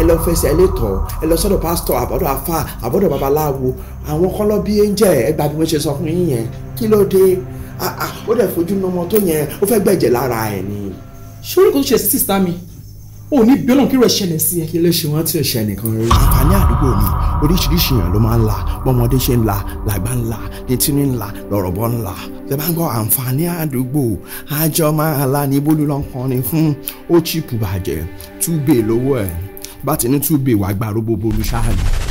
ẹ lọ fẹsẹ̀ ẹ lè tọ̀ ẹ lọ sọ́dọ̀ pásítọ̀ àbọ̀dọ̀ afá àbọ̀dọ̀ babaláwo àwọn kọ́lọ́ bí angel ẹ gbà bí wọ́n ṣe sọ fún yín yẹn kí ló dé ó dẹ̀ fojú nọmọ tó yẹn ó fẹ́ gbẹ̀jẹ̀ lára ẹ̀ ni. ṣórí kò ṣe sísá mi ò ní bí ọlọ́run kí rẹ̀ ṣẹlẹ̀ sí ẹ. kí ló ṣe wọ́n tí ṣe nìkan rí. àǹfààní àdúgbò mi oríṣiríṣi èèyàn ló máa ń la bọ́mọdé ṣe ń la làgbà ń la létínú ń la lọ̀rọ̀bọ ń la. ṣé bá ń gbọ́ àǹfààní àdúgbò àjọ máa la ní bólú lọ́kàn ni fún ó chìpù bàjẹ́ túbẹ̀ lówó ẹ̀ bá ti ní túbẹ̀ wàá gba arúgbó bolú ṣáà ni.